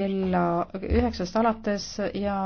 kella üheksast alates ja